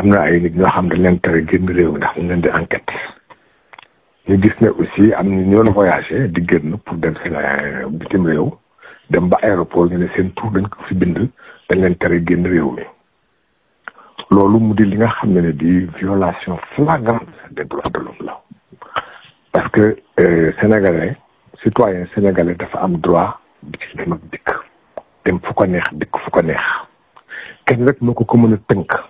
am na ay nit ñoo xam ne leen tere génn réew ndax mu leen di enquête ñu gis ne aussi am na ñoo voyagé di génn pour dem seen euh, bitim réew dem ba aéroport ñu ne seen tur dañ ko fi bind dañ leen tere génn réew mi loolu mu di li nga xam ne di violation flagrante des droits de l'homme la parce que euh, sénégalais citoyen sénégalais dafa am droit di ci dem ak dikk dem fu ko neex dikk fu ko neex kenn rek moo ko ko mën a tënk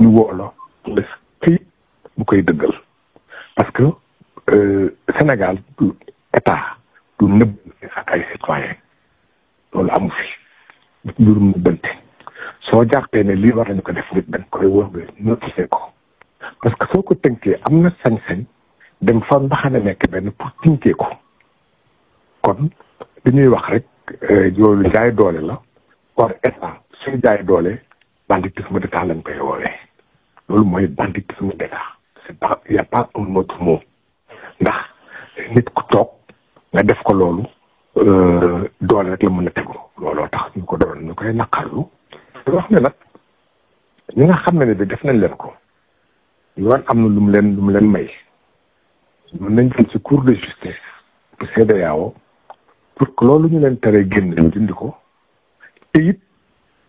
ñu woo la def këyit bu koy dëggal parce que euh, Sénégal du état du nëbb sax ay citoyen loolu amu fi mbirum nëbbante soo jàppee ne lii war nañu ko def nit dañ koy wër nga notifié ko parce que soo ko tënkee am na sañ dem fa mbaxane nekk benn pour tënkee ko kon li ñuy wax rek loolu euh, jaay doole la or état suy jaay doole banditisme d'État lañ koy woowee loolu mooy banditisme d'État c'est pas y a pas un autre mot ndax nit ku toog nga def ko loolu euh, doole rek la mën a tegu looloo tax ñu ko doon ñu koy naqarlu te wax ne nag ñi nga xam ne ne bi def nañ leen ko yoon am na lu mu leen lu mu leen may mën nañ dem ci cour de justice bu CEDEAO pour que loolu ñu leen tere génn dindi ko te it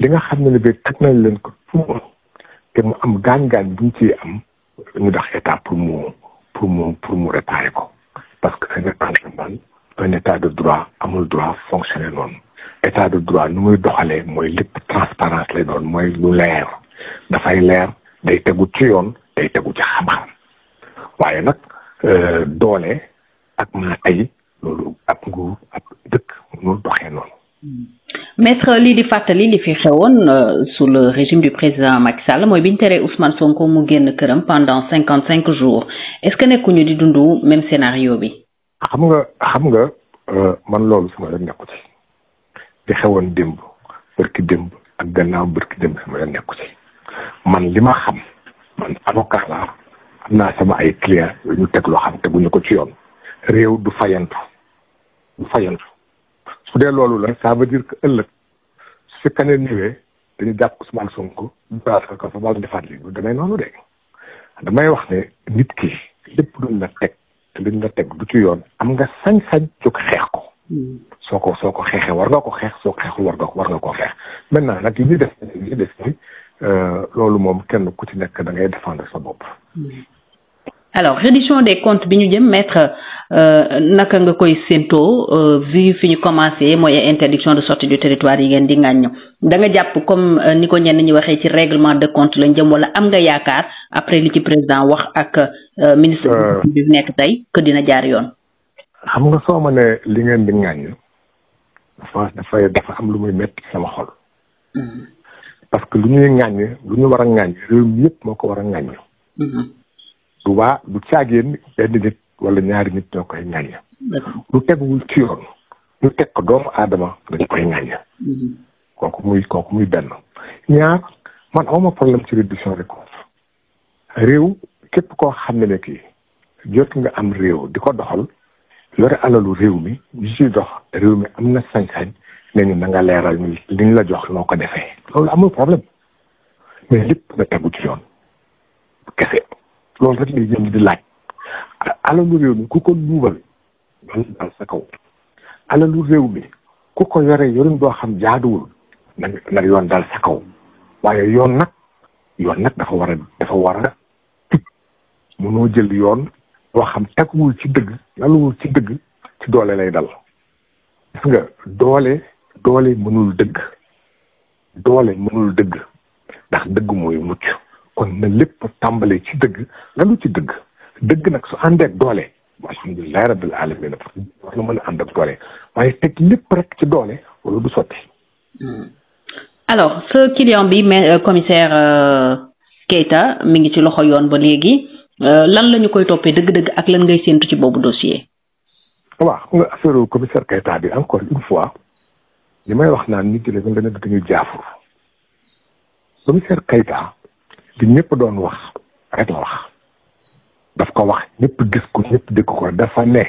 li nga xam ne ne bi teg nañ leen ko te mu am gaañ-gaañ bu ñu ciy am ñu dax état pour mu pour mu pour mu réparer ko parce que un état de droit amul droit fonctionner noonu état de droit nu muy doxalee mooy lépp transparence lay doon mooy lu leer dafay leer day tegu ci yoon day tegu ci xam waaye nag euh, doole ak maa ay loolu ab nguur ab dëkk mënul doxee noonu hmm. maître lii di fàttali li fi xewoon euh, sous le régime du président Macky Sall mooy bi ñu teree Ousmane Sonko mu génn këram pendant 55 jours est-ce que nekkuñu di dund même scénario bi. xam nga xam nga euh, man loolu sama yoon nekku ci li xewoon démb bërki démb ak gannaaw bërki démb sama yoon nekku ci man lima ma xam man avocat laa am naa sama ay client yu ñu teg loo xam teguñu ko ci yoon. réew du fayantu du fayantu. su dee loolu la ça veut dire que ëllëg su fi kaneen ñëwee dañu jàpp Ousmane Sonko dugal ko fa baal defaat li du demee noonu de damay wax ne nit ki lépp luñ la teg te luñ la teg du ci yoon am nga sañ-sañ jóg xeex ko soo ko soo ko xeexee war nga ko xeex soo ko xeexul war nga war nga koo xeex maintenant nag yi ñuy def yi ñuy loolu moom kenn ku ci nekk da ngay défendre sa bopp alors reddition des comptes bien sûr, jëm maître euh, naka koy euh, vu interdiction de sortie du territoire yi ngeen di que da nga comme euh, ni ñi règlement de compte la wala am nga après li président ministre du que dina jaar yoon nga li ngeen di am lu sama mm-hmm. parce que vous ñuy subaa du caagéen benn nit wala ñaari nit ñoo koy ŋàññ lu teguwul ci yoon ñu teg ko doomu aadama dañ koy ŋàññ mm-hmm. kooku muy kooku muy benn ñaar man awma problème ci réduction des comptes réew képp koo xam ne ne kii jot nga am réew di ko doxal alalu réew mi ñu dox réew mi am na sañ-sañ ne ñu na nga leeral ñu li la jox noo ko defee loolu amul problème mais lépp na tegu ci yoon loolu rek lay jëm di laaj alalu réew mi ku ko luubal loolu mi ku ko yore yorin boo xam jaaduwul na yoon daal sa kaw waaye yoon nag yoon nag dafa war dafa war a tib mënoo jël yoon boo xam teguwul ci dëgg laluwul ci dëgg ci doole lay dal gis nga doole doole mënul dëgg doole mënul dëgg ndax dëgg mooy mucc kon na lépp tàmbalee ci dëgg lalu ci dëgg dëgg nag su àndee ak doole alhamdulilahi rabbil alamin waaye teg lépp rek ci doole wala du sotti hmm. alors ce client bi mais euh, commissaire euh, Keita mi ngi ci loxo yoon ba léegi euh, lan la koy toppee dëgg-dëgg ak lan ngay séentu ci boobu dossier waaw xam nga affaire commissaire Keita bi encore une fois li may wax naa nit ki la nga ne dañuy jaafur commissaire Keita li ñëpp doon wax rek la wax daf ko wax ñépp gis ko ñëpp dégg ko dafa ne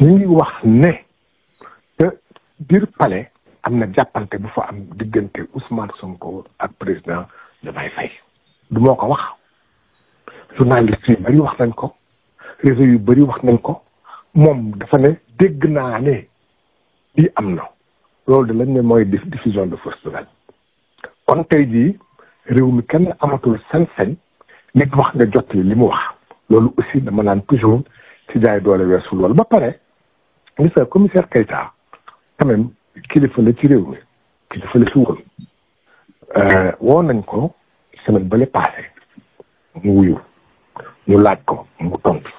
ñu ngi wax ne te biir palais am na jàppante bu fa am diggante Ousmane Sonko ak président Diomaye Faye du moo ko wax journaliste yu bëri wax nañ ko réseau yu bari wax nañ ko moom dafa ne dégg naa ne lii am na loolu de lañ ne mooy diffusion de fausse nouvelle kon tey jii réew mi kenn amatul sañ-sañ nit wax nga jot li mu wax loolu aussi dama naan toujours ci jaay doole weesu loolu ba pare gis nga commissaire Keita quand même kilifa la ci réew mi kilifa la woon euh, woo nañ ko semaine bale passé mu wuyu ñu laaj ko mu tontu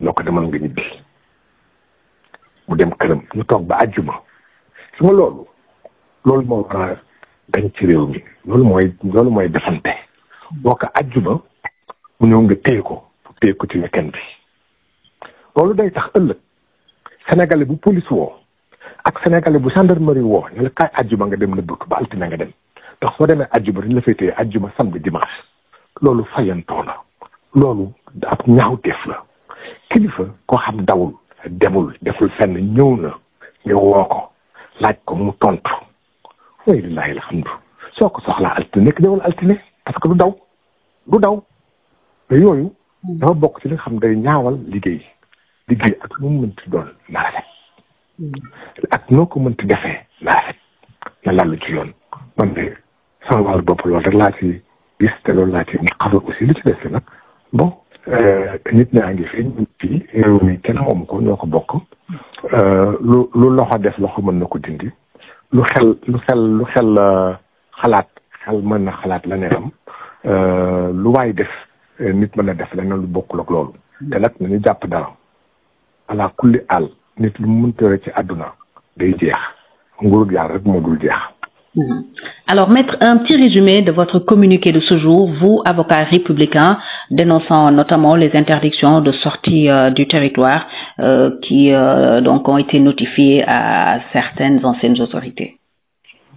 loo ko demal nga ñibbi mu dem këram ñu toog ba àjjuma su ma loolu loolu moo waral dañ ci réew mi loolu mooy loolu mooy defante boo ko àjjuma mu ñëw nga téye ko téye ko ci weekend bi loolu day tax ëllëg sénégalais bu police woo ak sénégalais bu gendarmerie woo ne la kaay àjjuma nga dem nëbbatu ba altine nga dem ndax soo demee àjjuma dañ la fay téye àjjuma samedi dimanche loolu fayantoo la loolu ab ñaaw ñaawteef la kilifa koo xam dawul demul deful senn ñëw na nga woo ko laaj ko mu tontu. ولله الحمد سوكو صحلا التنك دي والالتنك تسكو دو دو دو بيوي دو بوك تلي خم دي نعوال لدي لدي أكنو من تدول مالفة أكنو من تدفع مالفة يلا لجيون من دي سوال بابل ورلاتي يستلو لاتي مقابل وسيلة تدسنا بو آه، نتنا عندي فين في يومي كنا ومكون يوكو بوكو آه، لو لو لو حدث لو خمان نكو دندي lu xel lu xel lu xel euh, xalaat xel mën na xalaat la euh, lu waay def euh, nit mën na def leneen lu bokkul lok loolu te nak nañu japp dara ala kulli al nit lu mu mënta ci aduna day jeex nguru yàlla rek mo dul jeex hmm. alors maître un petit résumé de votre communiqué de ce jour vous avocat républicain dénonçant notamment les interdictions de sortie euh, du territoire euh, qui euh, donc ont été notifiées à certaines anciennes autorités.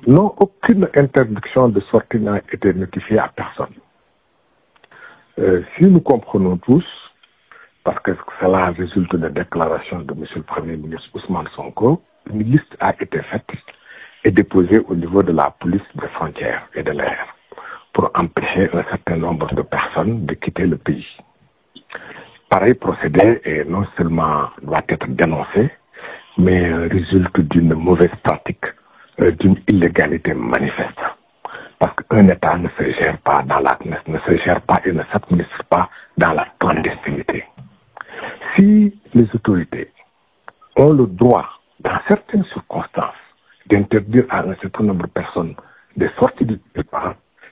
Non, aucune interdiction de sortie n'a été notifiée à personne. si nous comprenons tous, parce que cela résulte des déclarations de M. le Premier ministre Ousmane Sonko, une liste a été faite et déposée au niveau de la police des frontières et de l'air pour empêcher un certain nombre de personnes de quitter le pays. Pareil procédé et non seulement doit être dénoncé, mais euh, résulte d'une mauvaise pratique, euh, d'une illégalité manifeste. Parce qu'un État ne se gère pas dans la ne se gère pas et ne s'administre pas dans la clandestinité. Si les autorités ont le droit, dans certaines circonstances, d'interdire à un certain nombre de personnes de sortir du pays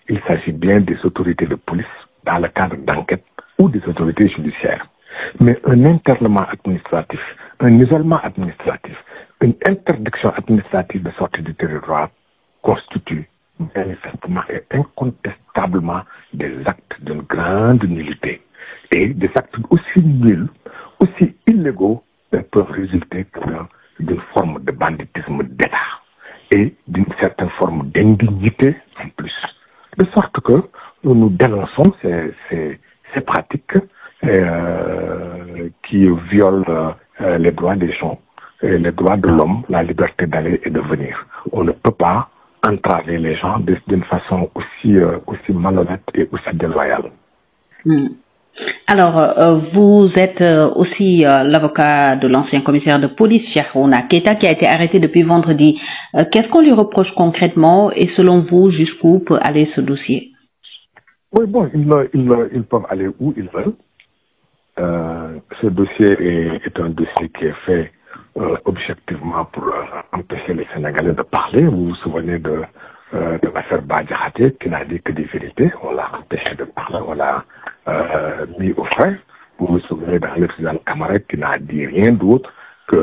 il s'agit bien des autorités de police dans le cadre d'enquête ou des autorités judiciaires. Mais un internement administratif, un isolement administratif, une interdiction administrative de sortie du territoire constitue manifestement et incontestablement des actes d'une grande nullité et des actes aussi nuls, aussi illégaux peuvent résulter d'une forme de banditisme d'État et d'une certaine forme d'indignité de sorte que nous nous dénonçons ces, pratiques euh, qui violent euh, les droits des gens, les droits de l'homme, la liberté d'aller et de venir. On ne peut pas entraver les gens d'une façon euh, aussi, malhonnête et aussi déloyale. Hmm. Alors, euh, vous êtes euh, aussi euh, l'avocat de l'ancien commissaire de police, Cheikhouna Keta, qui a été arrêté depuis vendredi. Qu'est-ce qu'on lui reproche concrètement et selon vous, jusqu'où peut aller ce dossier Oui, bon, ils, peuvent aller où ils veulent. ce dossier est, un dossier qui est fait objectivement pour empêcher les Sénégalais de parler. Vous vous souvenez de, de l'affaire Badjahate, qui n'a dit que des vérités. On l'a empêché de parler, on mis euh, au frais. Vous vous souvenez dans le Camaret qui n'a dit rien d'autre que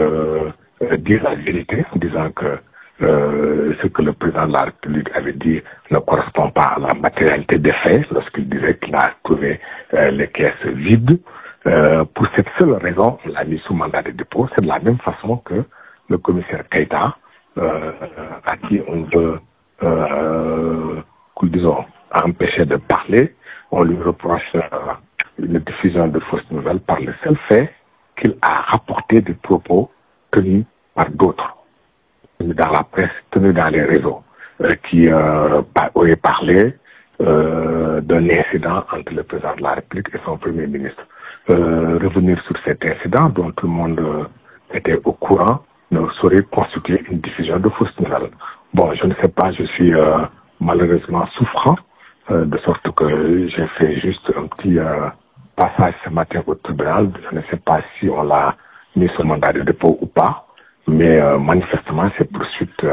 euh, dire la vérité en disant que euh, ce que le président de la République avait dit ne correspond pas à la matérialité des faits lorsqu'il disait qu'il a trouvé les caisses vides. pour cette seule raison, on l'a mis sous mandat de dépôt. C'est de la même façon que le commissaire Keita, à qui on veut, disons, empêcher de parler, on lui reproche euh, une diffusion de fausses nouvelles par le seul fait qu'il a rapporté des propos tenus par d'autres, tenus dans la presse, tenus dans les réseaux, euh, qui euh, auraient parlé euh, d'un incident entre le président de la République et son premier ministre. revenir sur cet incident dont tout le monde était au courant ne saurait constituer une diffusion de fausses nouvelles. Bon, je ne sais pas, je suis malheureusement souffrant euh, de sorte que j'ai fait juste un petit euh, passage ce matin au tribunal. Je ne sais pas si on l'a mis sur mandat de dépôt ou pas, mais euh, manifestement, ces poursuites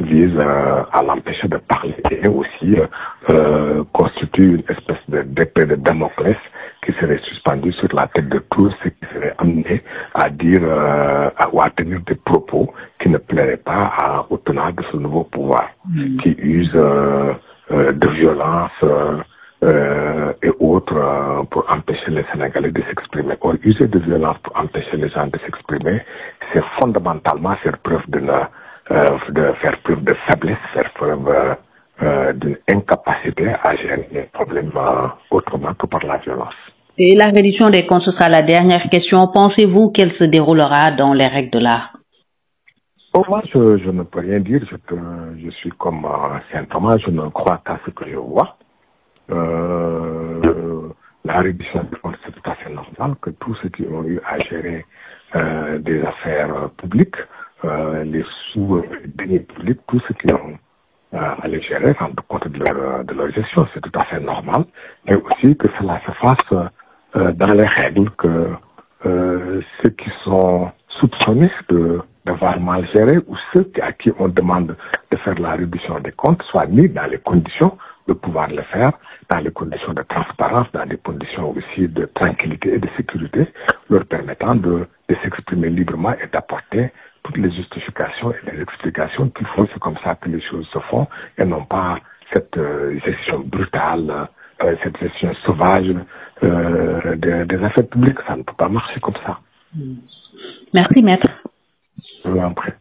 visent à l'empêcher de parler et aussi constituent une espèce de d'épée de Damoclès qui serait suspendu sur la tête de tous et qui serait amené à dire euh, ou à tenir des propos qui ne plairaient pas à, au tenant de ce nouveau pouvoir hmm. qui use euh, de violence euh, euh, et autres pour empêcher les Sénégalais de s'exprimer. Or, user de violence pour empêcher les gens de s'exprimer, c'est fondamentalement faire preuve de, faiblesse, faire preuve d'une incapacité à gérer les problèmes autrement que par la violence. Et la réduction des comptes sera la dernière question. Pensez-vous qu'elle se déroulera dans les règles de l'art pour moi, je, ne peux rien dire. Je, suis comme euh, Saint Thomas, je ne crois qu'à ce que je vois. Euh, la réduction de compte, c'est tout à fait normal que tous ceux qui ont eu à gérer euh, des affaires publiques, les sous deniers publics, tous ceux qui ont à les gérer rendent compte de leur, de leur gestion, c'est tout à fait normal. Mais aussi que cela se fasse dans les règles que ceux qui sont soupçonnés de d'avoir mal gérer, ou ceux à qui on demande de faire la réduction des comptes soient mis dans les conditions de pouvoir le faire, dans les conditions de transparence, dans les conditions aussi de tranquillité et de sécurité, leur permettant de, de s'exprimer librement et d'apporter toutes les justifications et les explications qu'il faut. C'est comme ça que les choses se font et non pas cette euh, gestion brutale, euh, cette gestion sauvage euh, des affaires publiques. Ça ne peut pas marcher comme ça. Merci, maître un après.